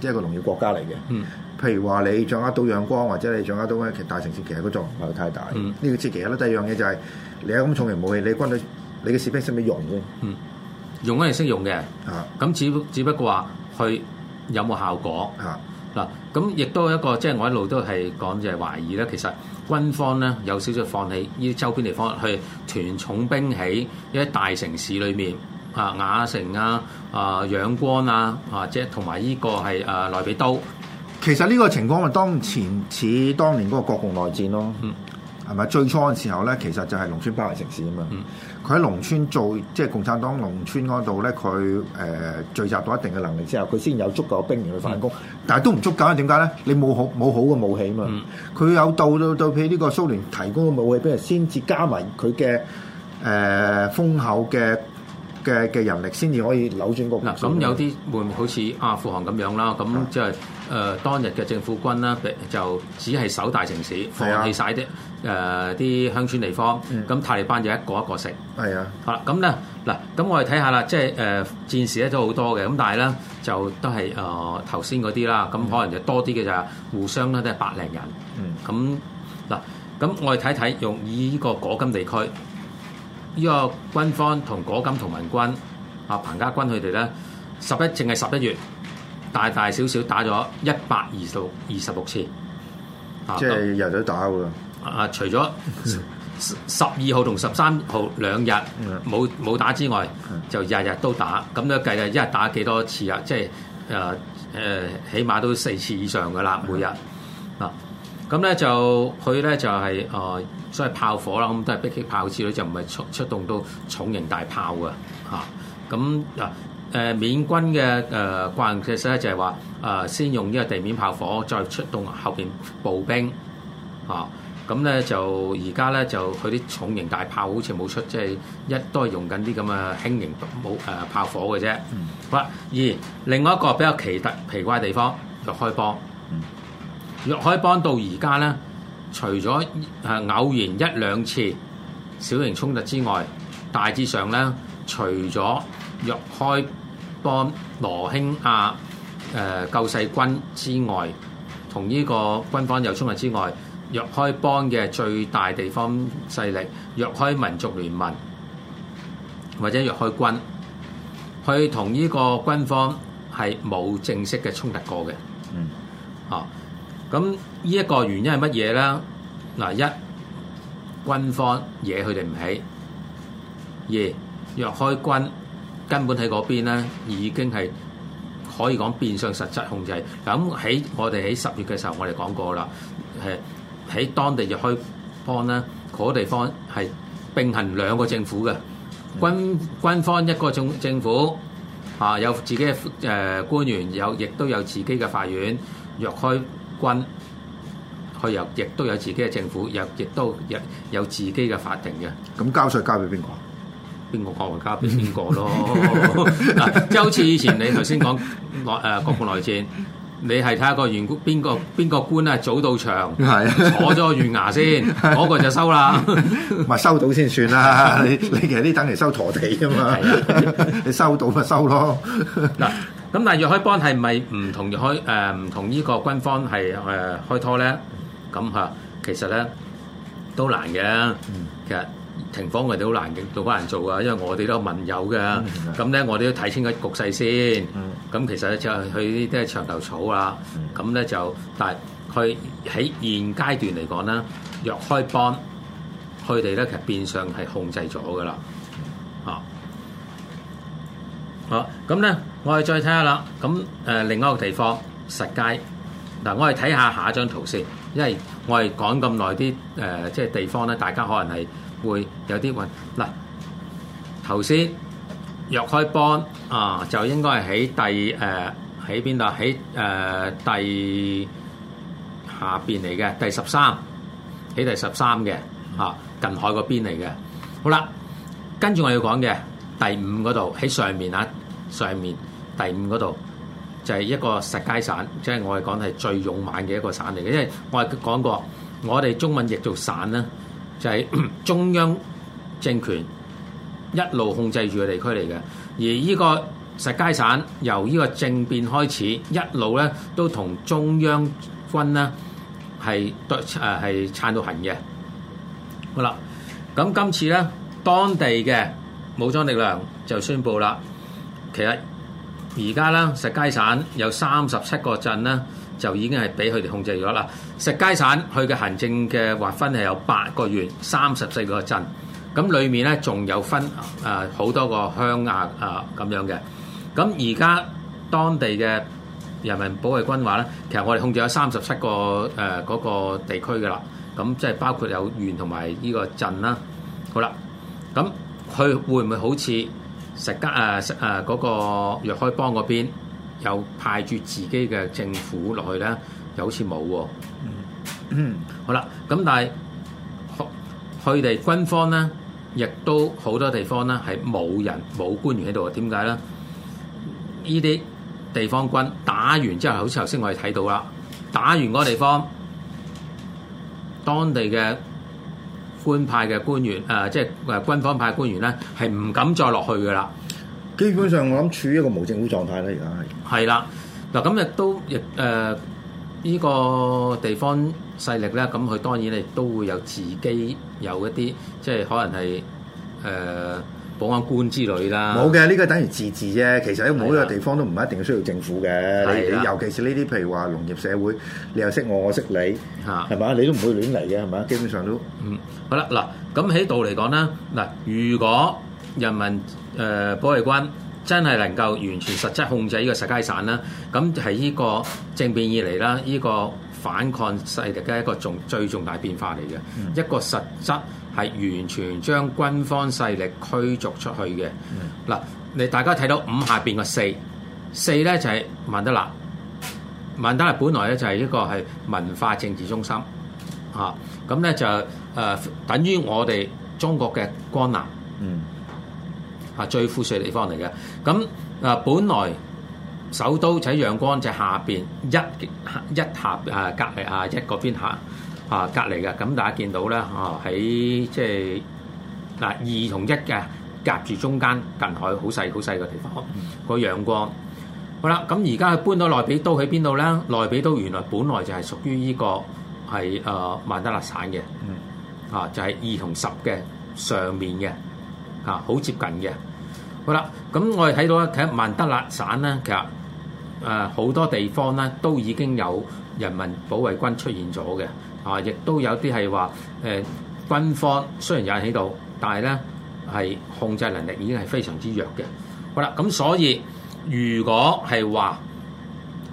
即、係、一個農業國家嚟嘅，嗯。譬如話，你掌握到仰光，或者你掌握到咧，其實大城市其實嗰座唔係太大。呢個知其一啦。第二樣嘢就係、是、你有咁重型武器，你軍隊你嘅士兵識唔識用嘅？嗯，用緊係識用嘅。嚇、啊，咁只不只不過話去有冇效果嚇嗱？咁亦都有一個即係、就是、我一路都係講就係懷疑咧。其實軍方咧有少少放棄呢啲周邊地方去屯重兵喺一啲大城市裏面啊，瓦城啊啊，仰光啊啊，即係同埋呢個係啊，內比都。其實呢個情況咪當前似當年嗰個國共內戰咯，係咪、嗯？最初嘅時候咧，其實就係農村包圍城市啊嘛。佢喺、嗯、農村做，即係共產黨農村嗰度咧，佢誒、呃、聚集到一定嘅能力之後，佢先有足夠嘅兵員去反攻。嗯、但係都唔足夠，點解咧？你冇好冇好嘅武器嘛。佢、嗯、有到到到，譬如呢個蘇聯提供嘅武器俾佢，先至加埋佢嘅誒豐厚嘅，嘅嘅人力先至可以扭轉局面。嗱，咁、嗯、有啲會唔會好似阿、啊、富汗咁樣啦，咁即係誒當日嘅政府軍啦，就只係守大城市，放棄晒啲誒啲鄉村地方。咁、嗯、塔利班就一個一個食。係啊是的。好啦，咁咧嗱，咁我哋睇下啦，即係誒、呃、戰士咧都好多嘅，咁但係咧就都係誒頭先嗰啲啦，咁、呃、可能就多啲嘅就係，互相咧都係百零人。嗯，嗯那。咁嗱，咁我哋睇睇用以呢個果金地區。呢個軍方同果敢同盟軍啊，彭家軍佢哋咧十一，淨係十一月大大小小打咗一百二到二十六次，啊，即係日日都打㗎。啊，除咗十二號同十三號兩日冇冇 打之外，就日日都打。咁咧計咧，一日打幾多次啊？即係誒誒，起碼都四次以上㗎啦，是的 每日嗱。咁、啊、咧就佢咧就係、是、誒。啊。所以炮火啦，咁都係迫擊炮之類，就唔係出出動到重型大炮嘅嚇。咁、啊、嗱，誒、呃、緬軍嘅誒慣嘅實咧就係話，誒、呃、先用呢個地面炮火，再出動後邊步兵嚇。咁、啊、咧就而家咧就佢啲重型大炮好似冇出，即、就、係、是、一都係用緊啲咁嘅輕型冇誒炮火嘅啫。好啦、嗯，而另外一個比較奇特奇怪嘅地方，若開邦。若開邦到而家咧。除咗誒偶然一兩次小型衝突之外，大致上咧，除咗若開邦羅興亞誒救世軍之外，同呢個軍方有衝突之外，若開邦嘅最大地方勢力若開民族聯盟或者若開軍，佢同呢個軍方係冇正式嘅衝突過嘅。嗯。啊，咁。呢一個原因係乜嘢咧？嗱，一、軍方惹佢哋唔起；二、若開軍根本喺嗰邊咧，已經係可以講變相實質控制。咁喺我哋喺十月嘅時候，我講，我哋講過啦，係喺當地若開邦咧，嗰、那個、地方係並行兩個政府嘅軍軍方一個政政府㗎、啊、有自己嘅誒官員，有亦都有自己嘅法院。若開軍佢又亦都有自己嘅政府，又亦都有有自己嘅法庭嘅。咁交稅交俾邊個？邊個國外交俾邊個咯？即係好似以前你頭先講內誒國共內戰，你係睇下個員官邊個邊個官啊早到場，坐咗鉛牙先，嗰個就收啦。咪收到先算啦。你你其實啲等嚟收陀地㗎嘛？你收到咪收咯。嗱咁，但係若開邦係咪唔同若開誒唔同呢個軍方係誒開拖咧？咁嚇，其實咧都難嘅。其實停火我哋好難嘅，好難做啊。因為我哋都問友嘅，咁咧我哋都睇清個局勢先。咁其實咧就去啲都係牆頭草啊。咁咧就但係佢喺現階段嚟講咧，若開邦佢哋咧其實變相係控制咗噶啦嚇。好，咁咧，我哋再睇下啦。咁誒，另外一個地方實街嗱，我哋睇下下一張圖先。因為我哋講咁耐啲誒，即係地方咧，大家可能係會有啲問嗱。頭先若開邦啊，就應該係喺第誒喺邊度？喺、呃、誒、呃、第下邊嚟嘅，第十三喺第十三嘅嚇，近海嗰邊嚟嘅。好啦，跟住我要講嘅第五嗰度喺上面啊，上面第五嗰度。就係一個石階省，即係我哋講係最勇猛嘅一個省嚟嘅，因為我係講過，我哋中文譯做省啦，就係中央政權一路控制住嘅地區嚟嘅。而呢個石階省由呢個政變開始，一路咧都同中央軍咧係對誒係撐到行嘅。好啦，咁今次咧當地嘅武裝力量就宣布啦，其實。而家咧，石階省有三十七個鎮咧，就已經係俾佢哋控制咗啦。石階省佢嘅行政嘅劃分係有八個縣、三十四個鎮，咁裡面咧仲有分誒好多個鄉額啊咁樣嘅。咁而家當地嘅人民保衛軍話咧，其實我哋控制咗三十七個誒嗰個地區㗎啦。咁即係包括有縣同埋呢個鎮啦。好啦，咁佢會唔會好似？食得啊，食啊嗰個若開邦嗰邊，又派住自己嘅政府落去咧，又好似冇喎。嗯， 好啦，咁但係，佢哋軍方咧，亦都好多地方咧係冇人冇官員喺度啊？點解咧？呢啲地方軍打完之後，好似頭先我哋睇到啦，打完嗰地方，當地嘅。官派嘅官員，誒、呃、即係軍方派嘅官員咧，係唔敢再落去噶啦。基本上，我諗處於一個無政府狀態啦，而家係。係啦，嗱，咁亦都亦誒，依、呃呢個地方勢力咧，咁佢當然咧都會有自己有一啲，即係可能係誒、呃、保安官之類啦。冇嘅，呢、呢個等於自治啫。其實喺每一個地方都唔一定需要政府嘅。的尤其是呢啲譬如話農業社會，你又識我，我識你，係嘛的？你都唔會亂嚟嘅，係嘛？基本上都嗯。好啦，嗱，咁喺度嚟講咧，嗱，如果人民誒、呃、保衞軍真係能夠完全實質控制呢個實皆省咧，咁係呢個政變以嚟啦，呢、這個反抗勢力嘅一個重最重大變化嚟嘅，嗯、一個實質係完全將軍方勢力驅逐出去嘅。嗱、嗯，你大家睇到五下邊個四？四咧就係、是、曼德勒，曼德勒本來咧就係一個係文化政治中心，嚇、啊。咁咧就、呃、等於我哋中國嘅江南，嗯，啊最富庶嘅地方嚟嘅。咁、呃、本來首都喺仰光就下邊一一合啊隔離啊一個邊行啊隔離嘅。咁大家見到咧，喺即係嗱二同一嘅夾住中間近海好細好細嘅地方，個陽、嗯、光好啦。咁而家搬到內比都喺邊度咧？內比都原來本來就係屬於呢個。係誒曼德勒省嘅、嗯啊就係，啊就係二同十嘅上面嘅，啊好接近嘅。好啦，咁我哋睇到咧，其實曼德勒省咧，其實誒好、啊、多地方咧都已經有人民保衛軍出現咗嘅，啊亦都有啲係話誒軍方雖然有人喺度，但係咧係控制能力已經係非常之弱嘅。好啦，咁所以如果係話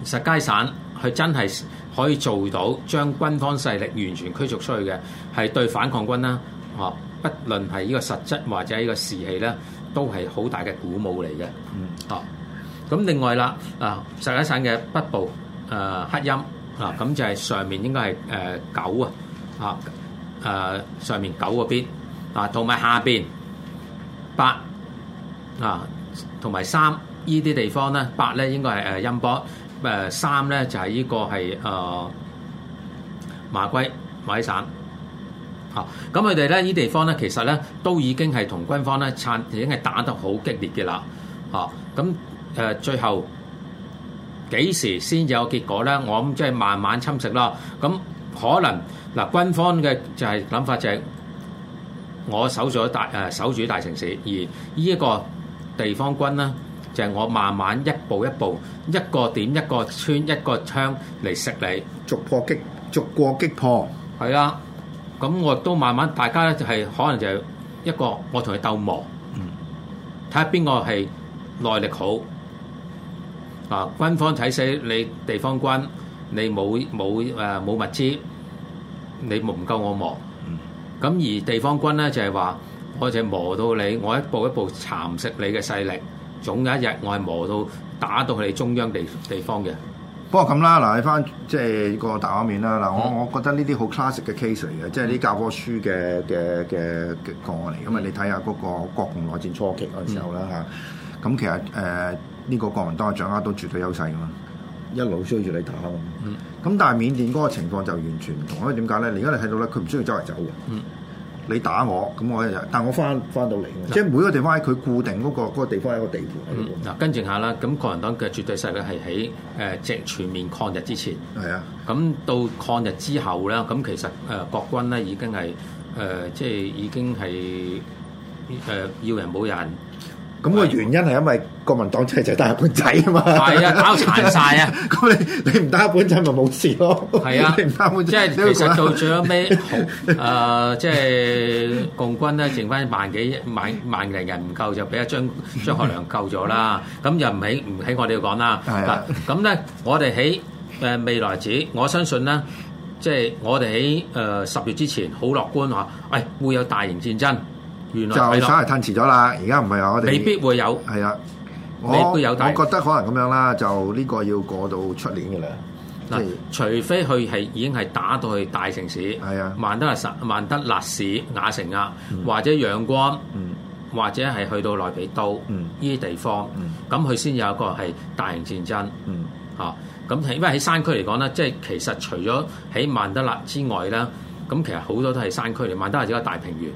實皆省佢真係，可以做到將軍方勢力完全驅逐出去嘅，係對反抗軍啦，啊，不論係呢個實質或者呢個士氣咧，都係好大嘅鼓舞嚟嘅。嗯啊，啊，咁另外啦，啊，山西省嘅北部，啊，黑陰，啊，咁就係上面應該係誒、呃、九啊，啊，誒上面九嗰邊，啊，同埋下邊八，啊，同埋三呢啲地方咧，八咧應該係誒音波。誒三咧就係依個係誒馬貴馬海省嚇，咁佢哋咧依地方咧其實咧都已經係同軍方咧撐已經係打得好激烈嘅啦嚇，咁誒最後幾時先有結果咧？我諗即係慢慢侵蝕啦。咁可能嗱，軍方嘅就係諗法就係我守咗大，誒守住大城市，而依一個地方軍咧。就係我慢慢一步一步一個點一個村一個槍嚟食你，逐破擊逐過擊破。係啊，咁我亦都慢慢大家咧就係可能就係一個我同佢鬥磨，嗯，睇下邊個係耐力好啊。軍方睇死你地方軍，你冇冇誒冇物資，你唔夠我磨，嗯。咁而地方軍咧就係話，我就磨到你，我一步一步蠶食你嘅勢力，總有一日我係磨到打到佢哋中央地地方嘅。不過咁啦，嗱，睇翻即係個大畫面啦，嗱，我、嗯、我覺得呢啲好 classic 嘅 case 嚟嘅，即係啲教科書嘅嘅嘅嘅個案嚟。咁啊、嗯，你睇下嗰個國共內戰初期嗰時候啦嚇。咁、嗯啊嗯、其實誒呢、呃這個國民黨係掌握到絕對優勢㗎嘛，一路追住你打㗎嘛，咁、嗯、但係緬甸嗰個情況就完全唔同，因為點解咧？你而家你睇到咧，佢唔需要周圍走嘅。嗯你打我，咁我就，但我翻翻到嚟，啊、即係每個地方喺佢固定嗰、嗰個嗰個地方一個地盤。嗱、嗯啊，跟住下啦，咁國民黨嘅絕對勢力係喺誒即係全面抗日之前，係啊，咁到抗日之後咧，咁其實誒、呃、國軍咧已經係誒、呃、即係已經係誒、呃、要人冇人。咁個原因係因為國民黨真係就係打日本仔啊嘛，係啊，搞殘晒啊！咁你你唔打日本仔咪冇事咯。係啊，你唔打本即係其實到最後尾，誒即係共軍咧，剩翻萬幾萬萬零人唔夠，就俾阿張張學良救咗啦。咁又唔喺唔喺我哋度講啦。係啊。咁咧，我哋喺誒未來指，我相信咧，即係我哋喺誒十月之前好樂觀話，喂，會有大型戰爭。就係稍係褪遲咗啦，而家唔係我哋未必會有，係啊，但我覺得可能咁樣啦，就呢個要過到出年嘅啦。嗱，除非佢係已經係打到去大城市，係啊，曼德勒、曼德勒市、雅城亞，或者仰光，或者係去到內比都呢啲地方，咁佢先有一個係大型戰爭，嚇。咁係因為喺山區嚟講咧，即係其實除咗喺曼德勒之外咧，咁其實好多都係山區嚟，曼德勒只係大平原。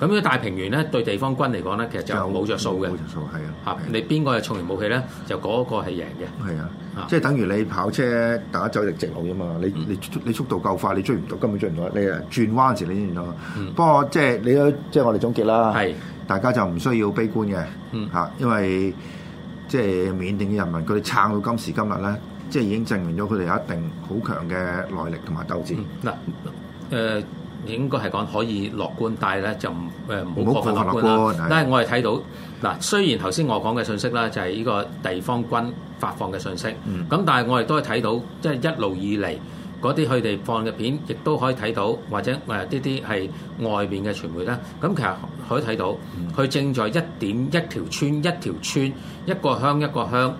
咁呢個大平原咧，對地方軍嚟講咧，其實就冇着數嘅。冇著數，係啊！嚇、啊，係啊、你邊個係重型武器咧？就嗰個係贏嘅。係啊！啊即係等於你跑車，大家走直直路啫嘛！你你、嗯、你速度夠快，你追唔到，根本追唔到。你啊轉彎時你先到。嗯、不過即係、就係、你都即係我哋總結啦。係、啊。大家就唔需要悲觀嘅。嗯。因為即係、就係、緬甸嘅人民，佢哋撐到今時今日咧，即係已經證明咗佢哋有一定好強嘅耐力同埋鬥志。嗱、嗯，誒、呃。應該係講可以樂觀，但係咧就唔誒唔好過分樂觀啦。但係我係睇到嗱，雖然頭先我講嘅信息啦，就係呢個地方軍發放嘅信息，咁但係我哋都係睇到，即係一路以嚟嗰啲佢哋放嘅片，亦都可以睇到，或者誒呢啲係外邊嘅傳媒啦。咁其實可以睇到，佢正在一點一條村一條村一個鄉一個鄉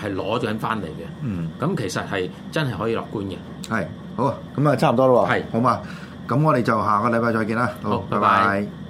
係攞咗翻嚟嘅。嗯，咁其實係真係可以樂觀嘅。係好，咁啊差唔多啦喎。係好嘛。咁我哋就下個禮拜再見啦，好，好，拜拜。拜拜。